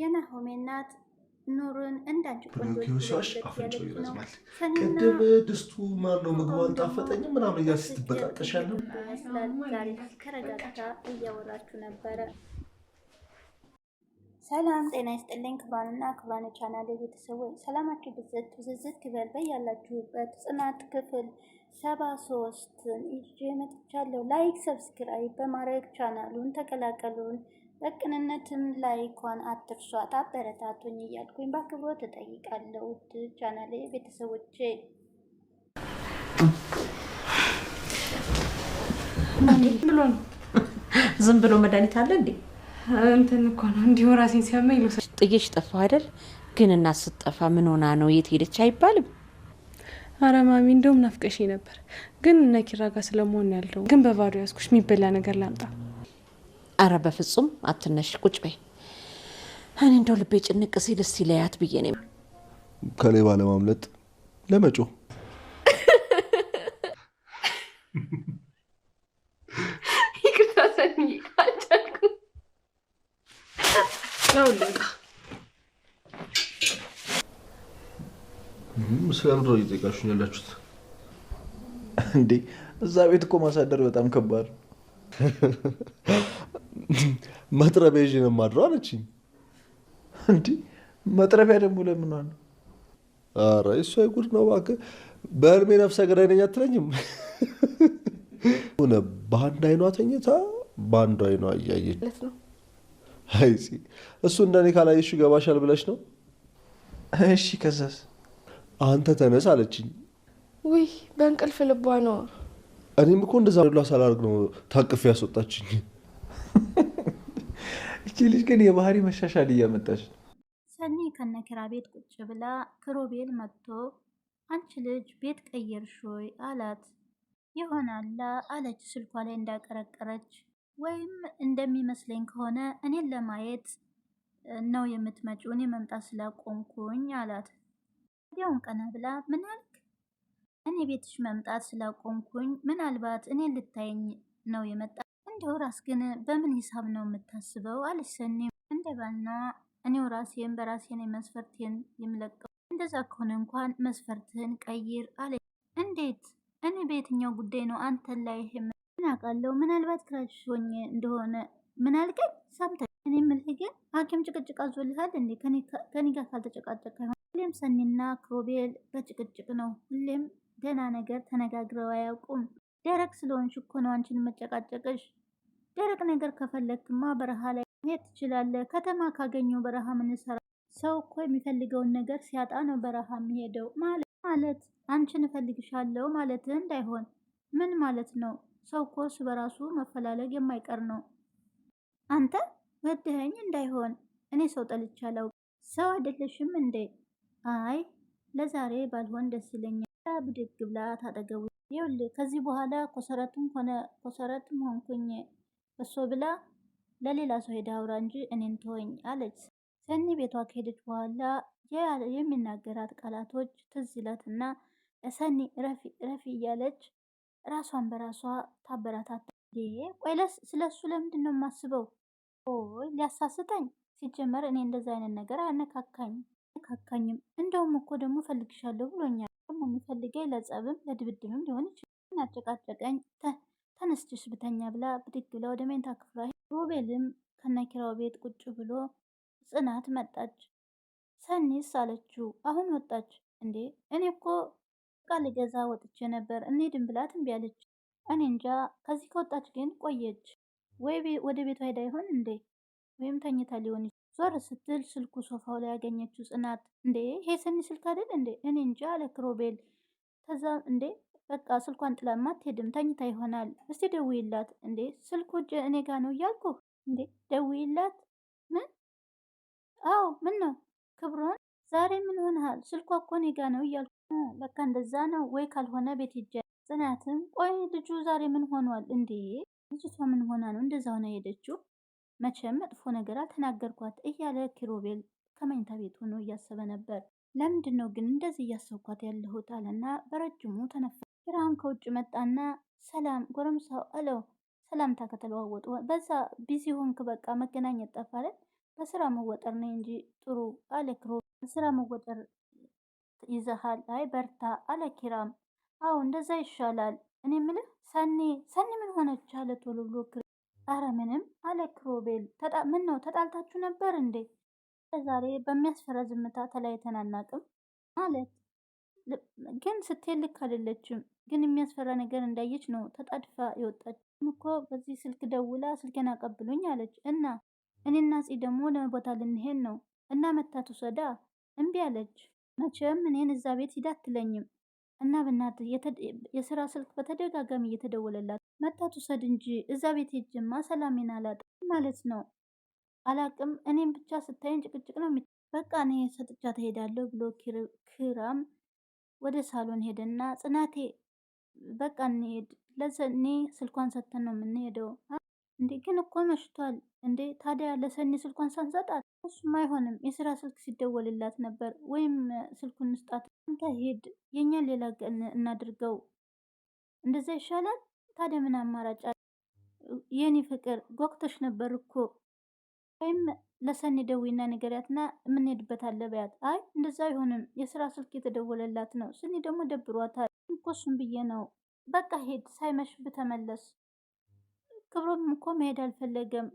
የናሆሜ እናት ኑሩን እንዳንቺ ቆንጆሽ አፍንጫው ይረዝማል። ቅድም ድስቱ ማን ነው ምግቡ አልጣፈጠኝም ምናምን እያ ስትበጣጠሽ ያለ ከረጋታ እያወራችሁ ነበረ። ሰላም ጤና ይስጥልኝ። ክብራንና ክብራን ቻናል ቤተሰቦች ሰላማችሁ ብዝት ብዝዝት ይበል ያላችሁበት ጽናት ክፍል ሰባ ሶስትን ይዤ መጥቻለሁ። ላይክ ሰብስክራይብ በማድረግ ቻናሉን ተቀላቀሉን። በቅንነትም ላይኳን አትርሷት፣ አበረታቱኝ እያልኩኝ በአክብሮት እጠይቃለሁ። ውድ ቻናሌ ቤተሰቦቼ ዝም ብሎ መድኃኒት አለ እንዴ? እንትን እኮ ነው እንዲሁ ራሴን ሲያመኝ ጥዬሽ ጠፋሁ አይደል? ግን እና ስትጠፋ ምን ሆና ነው የት ሄደች አይባልም። ኧረ ማሚ እንደውም ናፍቀሽ ነበር። ግን እነ ኪራ ጋር ስለመሆን ያለው ግን በባዶ ያዝኩሽ። የሚበላ ነገር ላምጣ አረ በፍጹም አትነሽ፣ ቁጭ በይ። እኔ እንደው ልቤ ጭንቅ ሲል እስቲ ለያት ብዬ ነው ከሌባ ለማምለጥ ለመጮ ስለምድሮ እየጠቃሹ ያላችሁት እንዴ? እዛ ቤት እኮ ማሳደር በጣም ከባድ መጥረቢያ ይዤ ነው የማድረው አለችኝ። እንዲህ መጥረቢያ ደግሞ ለምን ነው? ኧረ እሱ ነው እባክህ። በህልሜ ነፍሰ ገዳይ ነኝ አትለኝም? ሆነ በአንድ አይኗ ተኝታ በአንዱ አይኗ እያየች አይ እሱ እንደኔ ካላየሽ ይገባሻል ብለሽ ነው። እሺ ከዛስ? አንተ ተነስ አለችኝ። ውይ በእንቅልፍ ልቧ ነው። እኔም እኮ እንደዛ ላ ሳላርግ ነው ታቅፍ ያስወጣችኝ። እቺ ልጅ ግን የባህሪ መሻሻል እያመጣች ነው። ሰኒ ከነኪራ ቤት ቁጭ ብላ ክሮቤል መጥቶ አንቺ ልጅ ቤት ቀየርሽ ወይ አላት። ይሆናላ አለች ስልኳ ላይ እንዳቀረቀረች። ወይም እንደሚመስለኝ ከሆነ እኔን ለማየት ነው የምትመጪው፣ እኔ መምጣት ስላቆምኩኝ አላት። ወዲያውን ቀና ብላ ምን አልክ? እኔ ቤትሽ መምጣት ስላቆምኩኝ ምናልባት እኔን ልታየኝ ነው የመጣ እንደው ራስ ግን በምን ሂሳብ ነው የምታስበው? አለች ሰኒም እንደ ባና እኔው ራሴን በራሴን መስፈርቴን የምለቀው እንደዛ ከሆነ እንኳን መስፈርትህን ቀይር አለች። እንዴት? እኔ በየትኛው ጉዳይ ነው አንተን ላይ ምን አውቃለሁ? ምናልባት ክራሽ ሆኜ እንደሆነ ምን አልከኝ? ሰምተ እኔ ምልህ ግን ሐኪም ጭቅጭቅ አዞልሃል እንዴ? ከኔ ጋር ካልተጨቃጨቅ ሁሌም ሰኒና ክሮቤል በጭቅጭቅ ነው። ሁሌም ደህና ነገር ተነጋግረው አያውቁም። ደረቅ ስለሆንሽ እኮ ነው አንቺን መጨቃጨቅሽ። ደረቅ ነገር ከፈለግክማ በረሃ ላይ መሄድ ትችላለህ። ከተማ ካገኘው በረሃ ምን ሰራ? ሰው እኮ የሚፈልገውን ነገር ሲያጣ ነው በረሃ የሚሄደው። ማለት ማለት አንቺን እፈልግሻለሁ ማለት እንዳይሆን። ምን ማለት ነው? ሰው እኮ በራሱ መፈላለግ የማይቀር ነው። አንተ ወደኸኝ እንዳይሆን። እኔ ሰው ጠልቼ አላውቅም። ሰው አይደለሽም እንዴ? አይ ለዛሬ ባልሆን ደስ ይለኛል። ብድግ ብላ ታጠገቡ ይኸውልህ ከዚህ በኋላ ኮሰረትም ሆነ ኮሰረትም ሆንኩኝ እሱ ብላ ለሌላ ሰው ሄዳ አውራ እንጂ እኔን ተወኝ አለች። ሰኒ ቤቷ ከሄደች በኋላ የሚናገራት ቃላቶች ትዝ ይላትና ሰኒ ረፊ ረፊ እያለች ራሷን በራሷ ታበረታታ። ቆይለስ ስለ እሱ ለምንድን ነው የማስበው? ኦይ ሊያሳስተኝ ሲጀመር እኔ እንደዛ አይነት ነገር አያነካካኝ አነካካኝም። እንደውም እኮ ደግሞ ፈልግሻለሁ ብሎኛል። ደግሞ የሚፈልገኝ ለጸብም ለድብድብም ሊሆን ይችላል። አጨቃጨቀኝ ተነስችሽ ብተኛ ብላ ብድግ ብላ ወደ መኝታ ክፍሏ ሮቤልም ከነኪራው ቤት ቁጭ ብሎ ጽናት መጣች። ሰኒስ አለችው። አሁን ወጣች እንዴ? እኔ እኮ ዕቃ ልገዛ ወጥቼ ነበር እንሂድም ብላ እምቢ አለች። እኔ እንጃ። ከዚህ ከወጣች ግን ቆየች ወይ ወደ ቤቷ ሄዳ ይሆን እንዴ? ወይም ተኝታ ሊሆን ዞር ስትል ስልኩ ሶፋው ላይ ያገኘችው ጽናት እንዴ ሄ ሰኒ ስልክ አይደል እንዴ? እኔ እንጃ አለ ሮቤል። ከዛ እንዴ በቃ ስልኳን ጥላማ አትሄድም፣ ተኝታ ይሆናል። እስቲ ደውይላት። እንዴ ስልኩ እኔ ጋ ነው እያልኩ እንዴ ደውይላት። ምን? አዎ ምን ነው ክብሮን፣ ዛሬ ምን ሆነሃል? ስልኳ እኮ እኔ ጋ ነው እያልኩ በቃ እንደዛ ነው ወይ? ካልሆነ ቤት ሂጅ። ጽናትም ቆይ ልጁ ዛሬ ምን ሆኗል? እንዴ ልጅቷ ምን ሆና ነው እንደዛ ሆነ ሄደችው? መቼም መጥፎ ነገር አልተናገርኳት እያለ ኪሮቤል ከመኝታ ቤት ሆኖ እያሰበ ነበር። ለምንድን ነው ግን እንደዚህ እያሰብኳት ያለሁት አለና በረጅሙ ተነፈ። ኪራም ከውጭ መጣና ሰላም ጎረምሳው አለው። ሰላምታ ከተለዋወጡ በዛ ቢዚ ሆንክ በቃ መገናኘት ጠፋለ። በስራ መወጠር ነው እንጂ ጥሩ አለ ክሮ በስራ መወጠር ይዘሃል። አይ በርታ አለ ኪራም። አዎ እንደዛ ይሻላል። እኔ ምልህ ሰኔ ሰኒ ምን ሆነች አለ ቶሎ ብሎ ክሮ። አረ ምንም አለ ክሮቤል። ምን ነው ተጣልታችሁ ነበር እንዴ? ዛሬ በሚያስፈራ ዝምታ ተለያይተን አናቅም አለት ግን ስትሄድ ልክ አይደለችም። ግን የሚያስፈራ ነገር እንዳየች ነው ተጣድፋ የወጣች እኮ። በዚህ ስልክ ደውላ ስልኬን አቀብሉኝ አለች እና እኔና ጽ ደግሞ ለቦታ ልንሄድ ነው እና መታት ውሰዳ እምቢ አለች። መቼም እኔን እዛ ቤት ሂድ አትለኝም እና ብናት የስራ ስልክ በተደጋጋሚ እየተደወለላት መታት ውሰድ እንጂ እዛ ቤት ሄጅማ ሰላሜን አላጥ ማለት ነው አላቅም። እኔም ብቻ ስታይን ጭቅጭቅ ነው። በቃ እኔ ሰጥቻ ትሄዳለሁ ብሎ ክራም። ወደ ሳሎን ሄደና ጽናቴ በቃ እንሄድ ለሰኔ ስልኳን ሰተን ነው የምንሄደው። እንዴ ግን እኮ መሽቷል። እንዴ ታዲያ ለሰኔ ስልኳን ሳንሰጣት? እሱም አይሆንም የስራ ስልክ ሲደወልላት ነበር። ወይም ስልኩን ስጣት፣ አንተ ሄድ፣ የእኛን ሌላ ቀን እናድርገው፣ እንደዛ ይሻላል። ታዲያ ምን አማራጭ? የኔ ፍቅር ጓጉተሽ ነበር እኮ ወይም ለሰኒ ደዊና ንገሪያትና የምንሄድበት አለ በያት። አይ እንደዛ አይሆንም፣ የስራ ስልክ የተደወለላት ነው። ሰኒ ደግሞ ደብሯታል እኮ ብዬ ነው። በቃ ሄድ፣ ሳይመሽብ ተመለስ። ክብሮም እኮ መሄድ አልፈለገም።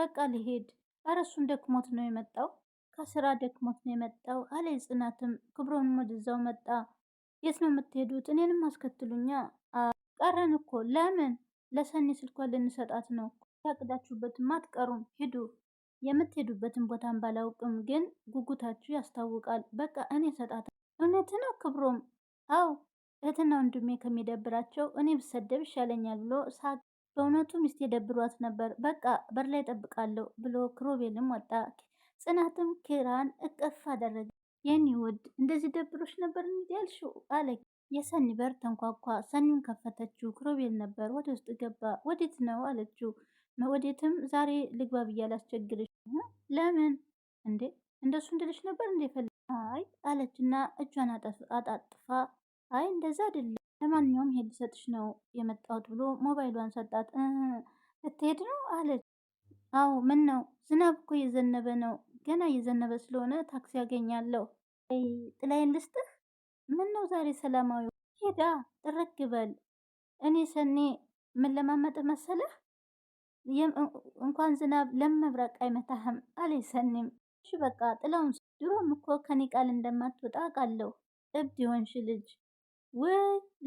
በቃ ልሄድ፣ ኧረ ደክሞት ነው የመጣው ከስራ ደክሞት ነው የመጣው አለ ጽናትም። ክብሮም ወደዛው መጣ። የት ነው የምትሄዱት? እኔንም አስከትሉኛ። ቀረን እኮ ለምን? ለሰኒ ስልኳ ልንሰጣት ነው። ያቅዳችሁበትም አትቀሩም፣ ሂዱ የምትሄዱበትን ቦታን ባላውቅም ግን ጉጉታችሁ ያስታውቃል። በቃ እኔ ሰጣት። እውነት ነው ክብሮም? አው እህትና ወንድሜ ከሚደብራቸው እኔ ብሰደብ ይሻለኛል ብሎ ሳቅ። በእውነቱ ሚስት የደብሯት ነበር። በቃ በር ላይ ጠብቃለሁ ብሎ ክሮቤልም ወጣ። ጽናትም ኪራን እቅፍ አደረገ። የኒ ውድ እንደዚህ ደብሮች ነበር ያልሽው አለ። የሰኒ በር ተንኳኳ። ሰኒን ከፈተችው። ክሮቤል ነበር። ወደ ውስጥ ገባ። ወዴት ነው አለችው። መወዴትም ዛሬ ልግባ ብዬ ለምን እንዴ እንደሱ እንድልሽ ነበር እንዴ ፈል አይ አለችና እጇን አጣጥፋ አይ እንደዛ አይደለም፣ ለማንኛውም ሄድ ሰጥሽ ነው የመጣሁት ብሎ ሞባይሏን ሰጣት። እትሄድ ነው አለች። አዎ ምን ነው ዝናብ እኮ እየዘነበ ነው። ገና እየዘነበ ስለሆነ ታክሲ ያገኛለሁ። ጥላዬን ልስጥህ። ምን ነው ዛሬ ሰላማዊ ሄዳ ጥርግ በል። እኔ ሰኔ ምን ለማመጥ መሰለህ እንኳን ዝናብ ለመብረቅ አይመታህም አለ ሰኒም። እሺ በቃ ጥለውን ድሮም እኮ ከኔ ቃል እንደማትወጣ ቃለሁ እብድ የሆንሽ ልጅ ወይ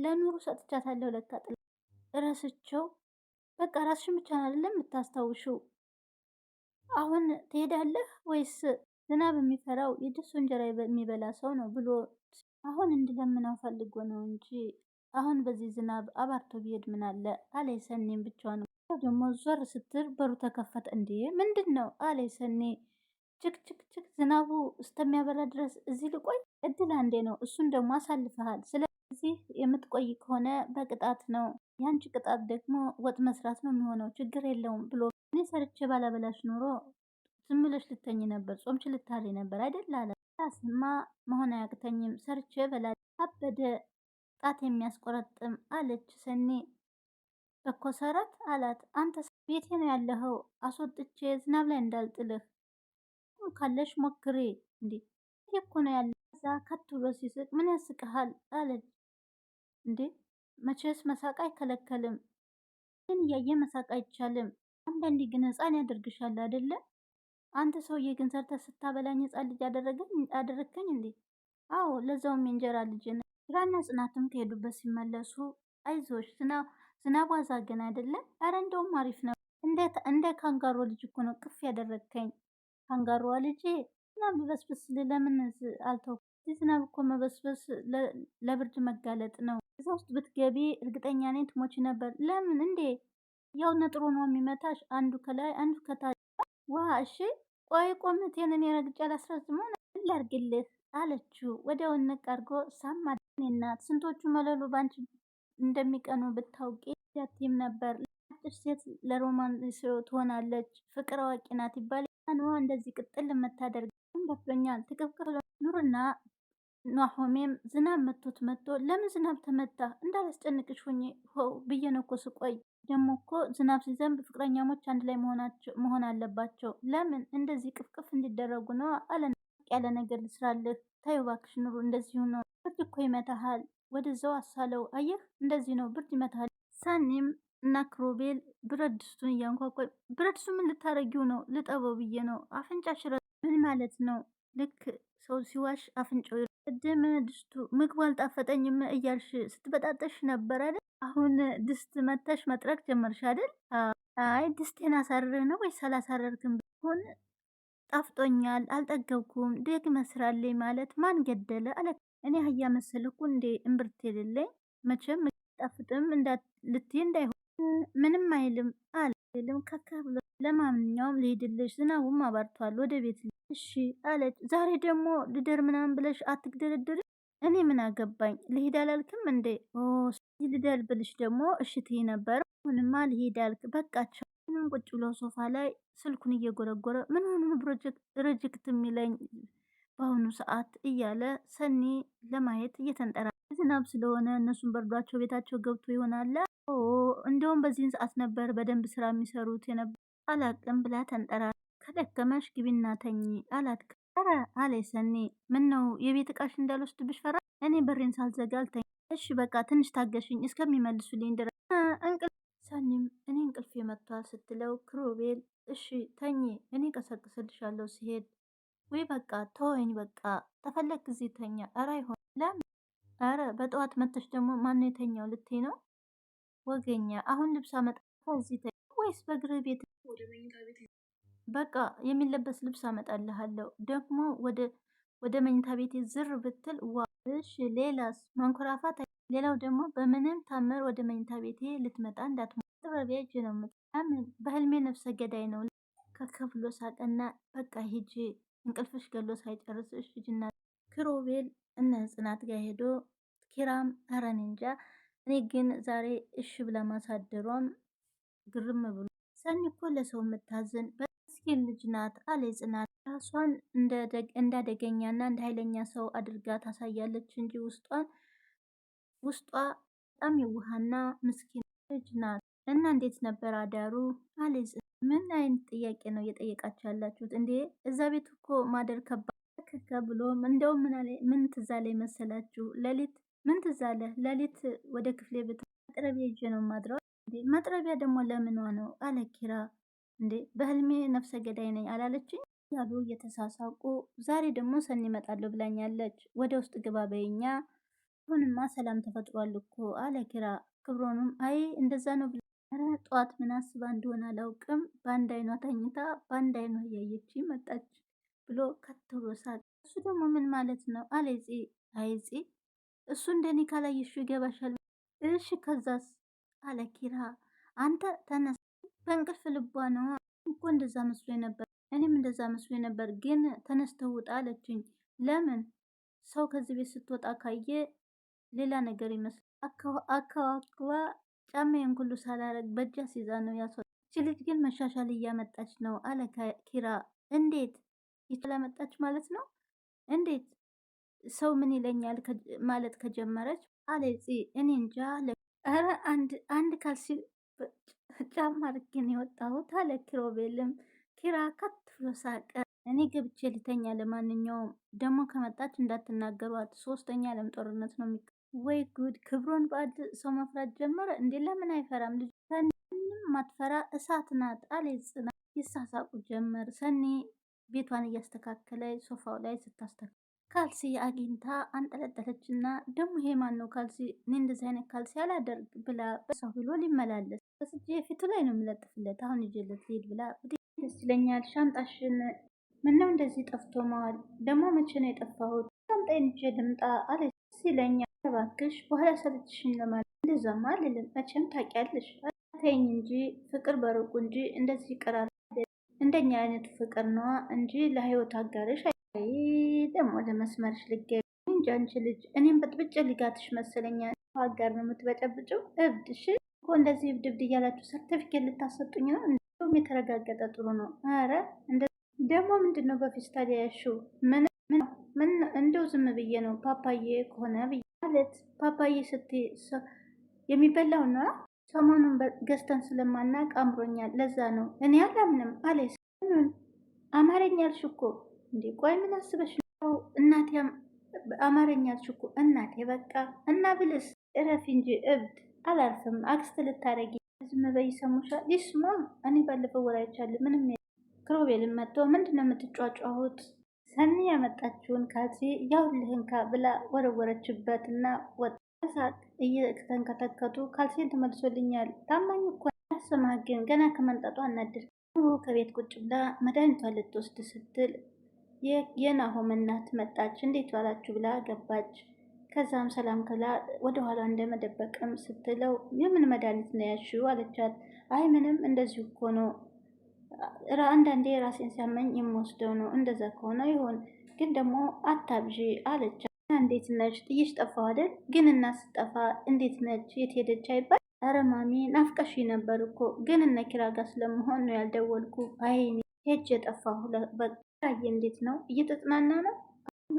ለኑሩ ሰጥቻታለሁ። ለካ ጥላ እረስቸው። በቃ ራስሽን ብቻ አይደለም የምታስታውሽው። አሁን ትሄዳለህ ወይስ ዝናብ የሚፈራው የድስቱ እንጀራ የሚበላ ሰው ነው ብሎ አሁን እንድለምነው ፈልጎ ነው እንጂ አሁን በዚህ ዝናብ አባርቶ ቢሄድ ምን አለ አለ ሰኔም ብቻዋን ደግሞ ዞር ስትል በሩ ተከፈተ። እንዴ ምንድን ነው አለ ሰኔ። ችክችክችክ ዝናቡ እስከሚያበላ ድረስ እዚህ ልቆይ? እድል አንዴ ነው፣ እሱን ደግሞ አሳልፈሃል። ስለዚህ የምትቆይ ከሆነ በቅጣት ነው። ያንቺ ቅጣት ደግሞ ወጥ መስራት ነው የሚሆነው። ችግር የለውም ብሎ እኔ ሰርቼ ባላበላሽ ኑሮ ዝም ብለሽ ልተኝ ነበር፣ ጾምች ልታሪ ነበር አይደል አለ። ስማ መሆን አያቅተኝም ሰርቼ በላ አበደ ጣት የሚያስቆረጥም አለች ሰኔ ሰረት አላት። አንተ ቤቴ ነው ያለኸው፣ አስወጥቼ ዝናብ ላይ እንዳልጥልህ ካለሽ ሞክሬ። እንዴ ቤቴ እኮ ነው ያለ። እዛ ከት ብሎ ሲስቅ ምን ያስቅሃል? አለች። እንዴ መቼስ መሳቅ አይከለከልም፣ ግን እያየ መሳቅ አይቻልም። አንዳንዴ ግን ህፃን ያደርግሻል አይደለ? አንተ ሰውዬ ግን ሰርተ ስታበላኝ ህፃን ልጅ አደረግከኝ እንዴ? አዎ፣ ለዛውም የእንጀራ ልጅ። ኪራና ጽናትም ከሄዱበት ሲመለሱ አይዞሽ ዝናብ ዝናቧ ዛገን አይደለም። አረ እንደውም አሪፍ ነው። እንደ ካንጋሮ ልጅ እኮ ነው ቅፍ ያደረግከኝ። ካንጋሮዋ ልጄ ዝናብ ሊበስብስ ለምን አልተው? ዝናብ እኮ መበስበስ ለብርድ መጋለጥ ነው። እዛ ውስጥ ብትገቢ እርግጠኛ ነኝ ትሞች ነበር። ለምን እንዴ? ያው ነጥሮ ነው የሚመታሽ፣ አንዱ ከላይ አንዱ ከታች። ውሃ እሺ፣ ቆይ ቆምቴን እኔ ረግጬ አላስረዝም ላርግልህ አለችው። ወዲያው ንቅ አድርጎ ሳም እናት፣ ስንቶቹ መለሉ ባንቺ እንደሚቀኑ ብታውቂ ያቲም ነበር። አጭር ሴት ለሮማን ትሆናለች፣ ፍቅር አዋቂ ናት ይባል ኑሮ እንደዚህ ቅጥል የምታደርግ በቶኛል። ትቅብቅብ ኑርና ኑሐሚንም ዝናብ መቶት መቶ ለምን ዝናብ ተመታ እንዳላስጨንቅሽ ሆኜ ሆው ብዬ ነው እኮ ስቆይ ደግሞ እኮ ዝናብ ሲዘንብ ፍቅረኛሞች አንድ ላይ መሆን አለባቸው። ለምን እንደዚህ ቅፍቅፍ እንዲደረጉ ነው? አለ ያለ ነገር ልስራልህ። ታዩ ባክሽ ኑሩ እንደዚሁ ነው። ብርድ እኮ ይመታሃል። ወደዛው አሳለው። አየህ እንደዚህ ነው ብርድ ይመታል። ሳኒም እና ክሮቤል ብረት ድስቱን እያንኳኳ ብረት ድስቱ ምን ልታረጊው ነው? ልጠበው ብዬ ነው። አፍንጫ ሽረ ምን ማለት ነው? ልክ ሰው ሲዋሽ አፍንጫው ቅድም ድስቱ ምግቡ አልጣፈጠኝም እያልሽ ስትበጣጠሽ ነበር አይደል? አሁን ድስት መተሽ መጥረቅ ጀመርሽ አይደል? አይ ድስቴን አሳርር ነው ወይስ አላሳረርክም? ቢሆን ጣፍጦኛል፣ አልጠገብኩም። ደግ መስራሌ ማለት ማን ገደለ አለ። እኔ አህያ መሰል እኮ እንዴ እምብርት የሌለኝ መቼም ጣፍጥም ልትይ እንዳይሆን ምንም አይልም አልልም ከካ ብሎ ለማንኛውም ልሄድልሽ፣ ዝናቡም አባርቷል፣ ወደ ቤት እሺ አለች። ዛሬ ደግሞ ልደር ምናምን ብለሽ አትግደረደሪ። እኔ ምን አገባኝ ልሄድ አላልክም እንዴ? ልደር ብልሽ ደግሞ እሽት ነበር። አሁንማ ልሄድ አልክ በቃቸው። ቁጭ ብሎ ሶፋ ላይ ስልኩን እየጎረጎረ ምን ሆኑ ፕሮጀክት የሚለኝ በአሁኑ ሰዓት እያለ ሰኒ ለማየት እየተንጠራ ዝናብ ስለሆነ እነሱን በርዷቸው ቤታቸው ገብቶ ይሆናል። እንደውም በዚህን ሰዓት ነበር በደንብ ስራ የሚሰሩት የነበር አላቅም ብላ ተንጠራ። ከደከመሽ ግቢና ተኝ አላት። ኧረ አለ ሰኒ። ምን ነው የቤት እቃሽ እንዳልወስድብሽ ፈራ? እኔ በሬን ሳልዘጋ አልተኝ። እሺ በቃ ትንሽ ታገሽኝ እስከሚመልሱልኝ ድረስ እንቅልፍ ሰኒም እኔ እንቅልፍ የመቷ ስትለው ክሮቤል እሺ ተኝ እኔ ቀሰቅስልሻለሁ ሲሄድ ወይ በቃ ተወኝ፣ በቃ ተፈለግ ጊዜ ተኛ። አረ አይሆን ለምን? አረ በጠዋት መተሽ ደግሞ ማነው የተኛው ልትይ ነው? ወገኛ አሁን ልብስ አመጣ እዚህ ተ ወይስ በእግርህ ቤት? በቃ የሚለበስ ልብስ አመጣልሃለሁ። ደግሞ ወደ ወደ መኝታ ቤቴ ዝር ብትል ዋ። ሌላስ? ማንኮራፋት። ሌላው ደግሞ በምንም ታምር ወደ መኝታ ቤቴ ልትመጣ እንዳትሞ ጥበብ ነው ምን በህልሜ ነፍሰ ገዳይ ነው ከከፍሎ ሳቀና በቃ ሂጂ እንቅልፍሽ ገሎ ሳይጨርስሽ ሂጂና ክሮቤል እነ ጽናት ጋር ሄዶ ኪራም አረን እንጃ እኔ ግን ዛሬ እሽ ብላ ማሳደሯም ግርም ብሎ ሰኒ እኮ ለሰው የምታዝን በስኪል ልጅ ናት አለ ጽናት። ራሷን እንዳደገኛና እንደ ኃይለኛ ሰው አድርጋ ታሳያለች እንጂ ውስጧን ውስጧ በጣም የዋህና ምስኪን ልጅ ናት። እና እንዴት ነበር አዳሩ አለ ጽናት። ምን አይነት ጥያቄ ነው እየጠየቃችሁ ያላችሁት እንዴ? እዛ ቤት እኮ ማደር ከባከከ ብሎ እንደውም ምን ትዝ አለኝ መሰላችሁ? ሌሊት ምን ትዝ አለ? ሌሊት ወደ ክፍሌ ብት መጥረቢያ ይዤ ነው ማድረው። መጥረቢያ ደግሞ ለምኗ ነው አለ ኪራ። እንዴ በህልሜ ነፍሰ ገዳይ ነኝ አላለችኝ ያሉ እየተሳሳቁ፣ ዛሬ ደግሞ ሰኒ እመጣለሁ ብላኛለች። ወደ ውስጥ ግባ በይኛ። አሁንማ ሰላም ተፈጥሯል እኮ አለ ኪራ። አይ እንደዛ ነው ጠዋት ምን አስባ እንደሆነ አላውቅም፣ በአንድ አይኗ ተኝታ በአንድ አይኗ እያየች መጣች ብሎ ከት ብሎ ሳቅ። እሱ ደግሞ ምን ማለት ነው አለ ፄ። አይ እሱ እንደኔ ካላየሽው ይገባሻል። እሺ ከዛስ አለ ኪራ። አንተ ተነስ፣ በእንቅልፍ ልቧ ነው እኮ እንደዛ መስሎ ነበር፣ እኔም እንደዛ መስሎ ነበር፣ ግን ተነስተው ውጣ አለችኝ። ለምን ሰው ከዚህ ቤት ስትወጣ ካየ ሌላ ነገር ይመስል አካዋክዋ ጫማዬን ሁሉ ሳላረግ በእጃ ሲዛ ነው ያስወ ልጅ ግን መሻሻል እያመጣች ነው አለ ኪራ። እንዴት ይችላመጣች ማለት ነው? እንዴት ሰው ምን ይለኛል ማለት ከጀመረች አለ እኔ እንጃ። ኧረ አንድ አንድ ካልሲ ጫማ አድርጌ ነው የወጣሁት አለ ኪሮቤልም። ኪራ ከት ብሎ ሳቀ። እኔ ገብቼ ልተኛ። ለማንኛውም ደግሞ ከመጣች እንዳትናገሯት፣ ሶስተኛ ዓለም ጦርነት ነው የሚ ወይ ጉድ! ክብሮን ባዕድ ሰው መፍራት ጀመረ እንዴ! ለምን አይፈራም ልጅ? ሰኒም ማትፈራ እሳት ናት አለ ይሳሳቁ ጀመር። ሰኒ ቤቷን እያስተካከለ ሶፋው ላይ ስታስተካከል ካልሲ አግኝታ አንጠለጠለችና እና ደግሞ ይሄ ማን ነው ካልሲ? እኔ እንደዚህ አይነት ካልሲ አላደርግ ብላ በሰው ብሎ ሊመላለስ በስጄ ፊቱ ላይ ነው የምለጥፍለት። አሁን ይዤለት ልሂድ ብላ ደስ ይለኛል። ሻንጣሽን ምነው እንደዚህ ጠፍቶ መዋል ደግሞ መቼ ነው የጠፋሁት? ሻንጣዬን ይዤ ልምጣ ይለኛል። እባክሽ በኋላ ሰለችሽኝ ለማለት እንደዛማ አልልም። መቼም ታውቂያለሽ። ተይኝ እንጂ ፍቅር በሩቁ እንጂ እንደዚህ ይቀራል። እንደኛ አይነቱ ፍቅር ነዋ እንጂ ለህይወት አጋርሽ አይ ደግሞ ለመስመርሽ ልገቢ እንጂ አንቺ ልጅ እኔም በጥብጭ ልጋትሽ መሰለኛ አጋር ነው የምትበጨብጭው። እብድሽ እኮ እንደዚህ እብድ እብድ እያላችሁ ሰርተፊኬት ልታሰጡኝ ነው። እንደውም የተረጋገጠ ጥሩ ነው። ኧረ ደግሞ ምንድን ነው በፊስታሊያ ያሹ ምን ምን ምን እንደው ዝም ብዬ ነው ፓፓዬ ከሆነ ብዬ ማለት ፓፓዬ ስትይ የሚበላው ነው። ሰሞኑን ገዝተን ስለማናቅ አምሮኛል። ለዛ ነው እኔ አላምንም አለ ሰሞኑን አማርኛ አልሽ እኮ እንዴ! ቆይ ምን አስበሽ ነው እናቴ? አማርኛ አልሽ እኮ እናቴ። በቃ እና ብልስ እረፊ እንጂ እብድ። አላርፍም አክስት ልታረጊ ዝም በይ። ይሰሙሻል። ይስማ እኔ ባለፈው ወራይቻለሁ ምንም ክሮቤልን መጥቶ ምንድነው የምትጫጫሁት? ሰኒ ያመጣችውን ካዚ ያውልህንካ ብላ ወረወረችበት እና ወጣሳት እየተንከተከቱ ካልሴን ተመልሶልኛል ታማኝ እኮ ያሰማ ግን ገና ከመንጠጡ አናድር ከቤት ቁጭ ብላ መድኃኒቷን ልትወስድ ስትል የናሆም እናት መጣች። እንዴት ዋላችሁ ብላ ገባች። ከዛም ሰላም ክላ ወደ ኋላ እንደመደበቅም ስትለው የምን መድኃኒት ነው ያልሺው አለቻት። አይ ምንም እንደዚሁ እኮ ነው አንዳንዴ ራሴን ሲያመኝ የምወስደው ነው። እንደዛ ከሆነ ይሆን ግን ደግሞ አታብዢ አለቻ። እንዴት ነች ጥይሽ ጠፋ አይደል? ግን እና ስጠፋ እንዴት ነች የት ሄደች አይባል። ኧረ ማሚ ናፍቀሽ ነበር እኮ ግን እነ ኪራ ጋር ስለመሆን ነው ያልደወልኩ። አይኔ ሄጅ የጠፋ በራየ። እንዴት ነው እየተጽናና ነው?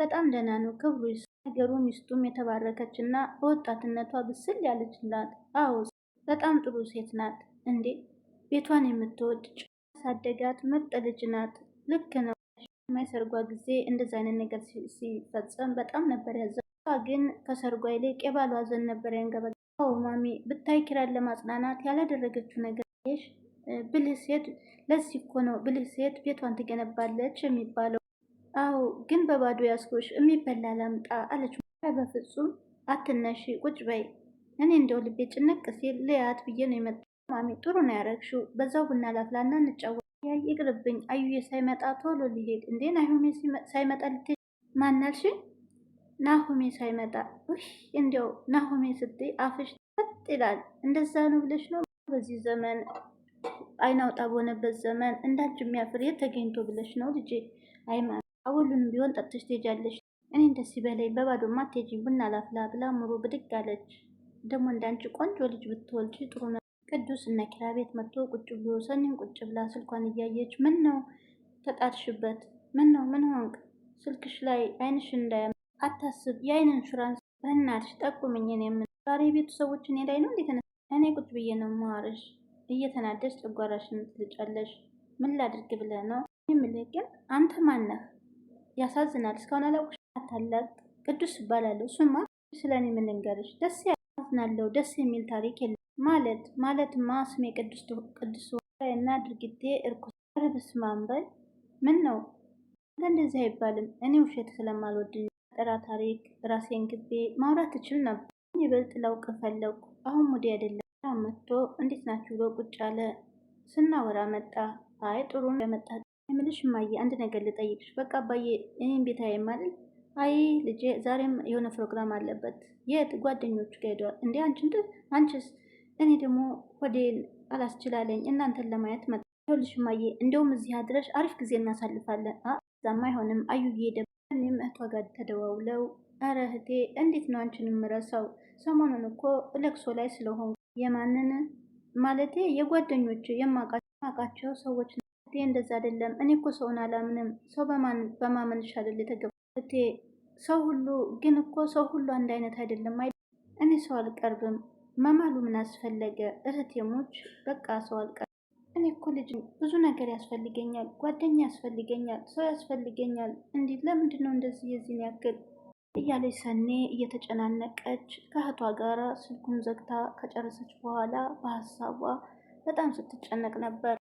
በጣም ደህና ነው። ክብሩ ነገሩ ሚስቱም የተባረከች እና በወጣትነቷ ብስል ያለችላት። አዎ በጣም ጥሩ ሴት ናት። እንዴ ቤቷን የምትወድ ያሳደጋት ምርጥ ልጅ ናት። ልክ ነው። የሰርጓ ጊዜ እንደዚ አይነት ነገር ሲፈጸም በጣም ነበር ያዘ። ግን ከሰርጓ ይልቅ የባሏ ዘን ነበር ያንገበገበው። ማሚ ብታይ ኪራን ለማጽናናት ያላደረገችው ነገር ብልህ ሴት ለዚህ እኮ ነው ብልህ ሴት ቤቷን ትገነባለች የሚባለው። አዎ ግን በባዶ ያስኮሽ የሚበላ ላምጣ አለች። በፍጹም አትነሺ፣ ቁጭ በይ። እኔ እንደው ልቤ ጭነቅ ሲል ልያት ብዬ ነው የመጣ ማሚ ጥሩ ነው ያረግሽው። በዛው ቡና ላፍላና እንጫወት። ያይ ይቅርብኝ፣ አዩዬ ሳይመጣ ቶሎ ሊሄድ እንዴ። ናሆሜ ሳይመጣ ልትሄድ ማናልሽ? ናሆሜ ሳይመጣ ውይ፣ እንዲያው ናሆሜ ስትይ አፍሽ ፈጥ ይላል። እንደዛ ነው ብለሽ ነው በዚህ ዘመን አይን አውጣ በሆነበት ዘመን እንዳንቺ የሚያፍር የት ተገኝቶ ብለሽ ነው ልጄ። አይማ አወሉንም ቢሆን ጠጥተሽ ትሄጃለሽ። እኔ እንደስ በላይ በባዶማ አትሄጂም። ቡና ላፍላ ብላ ምሮ ብድግ አለች። ደግሞ እንዳንቺ ቆንጆ ልጅ ብትወልጂ ጥሩ ነው። ቅዱስ እነ ኪራ ቤት መጥቶ ቁጭ ብሎ ሰኒም ቁጭ ብላ ስልኳን እያየች ምን ነው ተጣድሽበት? ምን ነው ምን ሆንክ? ስልክሽ ላይ አይንሽ እንዳያ አታስብ። የአይን ኢንሹራንስ በእናትሽ ጠቁምኝ። የምን ዛሬ የቤቱ ሰዎች እኔ ላይ ነው እንዴት? እኔ ቁጭ ብዬ ነው ማዋርሽ። እየተናደሽ ጨጓራሽን ትልጫለሽ። ምን ላድርግ ብለ ነው የምልህ። ግን አንተ ማነህ? ያሳዝናል። እስካሁን አላውቅሽ። ታላቅ ቅዱስ ይባላለሁ። እሱማ ስለ እኔ ምን ልንገርሽ? ደስ ያዝናለሁ። ደስ የሚል ታሪክ የለ ማለት ማ ስሜ ቅዱስ እና ድርጊቴ እርኩስ። ረብስ ማንበል ምን ነው እንደዚህ አይባልም። እኔ ውሸት ስለማልወድ ጠራ ታሪክ ራሴን ግቤ ማውራት ትችል ነበር። ይበልጥ ላውቅ ፈለግኩ። አሁን ሙዲ አይደለም መጥቶ እንዴት ናችሁ ብሎ ቁጭ አለ። ስናወራ መጣ። አይ ጥሩ ለመጣ የምልሽ እማዬ አንድ ነገር ልጠይቅሽ። በቃ አባዬ እኔም ቤት አይማልል። አይ ልጄ ዛሬም የሆነ ፕሮግራም አለበት። የት? ጓደኞቹ ጋር ሄደዋል። እንዴ አንቺ አንቺስ? እኔ ደግሞ ሆዴን አላስችላለኝ እናንተን ለማየት መጣሁ። ይኸውልሽ እማዬ፣ እንደውም እዚህ አድረሽ አሪፍ ጊዜ እናሳልፋለን። እዛማ አይሆንም አዩዬ ደግሞ እኔም እህቷ ጋር ተደዋውለው አረ እህቴ እንዴት ነው አንቺን የምረሳው? ሰሞኑን እኮ ለቅሶ ላይ ስለሆን የማንን ማለቴ የጓደኞች የማውቃቸው ሰዎች እህቴ፣ እንደዛ አይደለም። እኔ እኮ ሰውን አላምንም። ሰው በማመን ይሻላል የተገባ እህቴ። ሰው ሁሉ ግን እኮ ሰው ሁሉ አንድ አይነት አይደለም። አይ እኔ ሰው አልቀርብም መማሉ ምን አስፈለገ? እህቴሞች በቃ ሰው አልቀ እኔ እኮ ልጅ ብዙ ነገር ያስፈልገኛል፣ ጓደኛ ያስፈልገኛል፣ ሰው ያስፈልገኛል። እንዴት ለምንድን ነው እንደዚህ የዚህን ያክል እያለች ሰኔ እየተጨናነቀች ከእህቷ ጋር ስልኩን ዘግታ ከጨረሰች በኋላ በሀሳቧ በጣም ስትጨነቅ ነበር።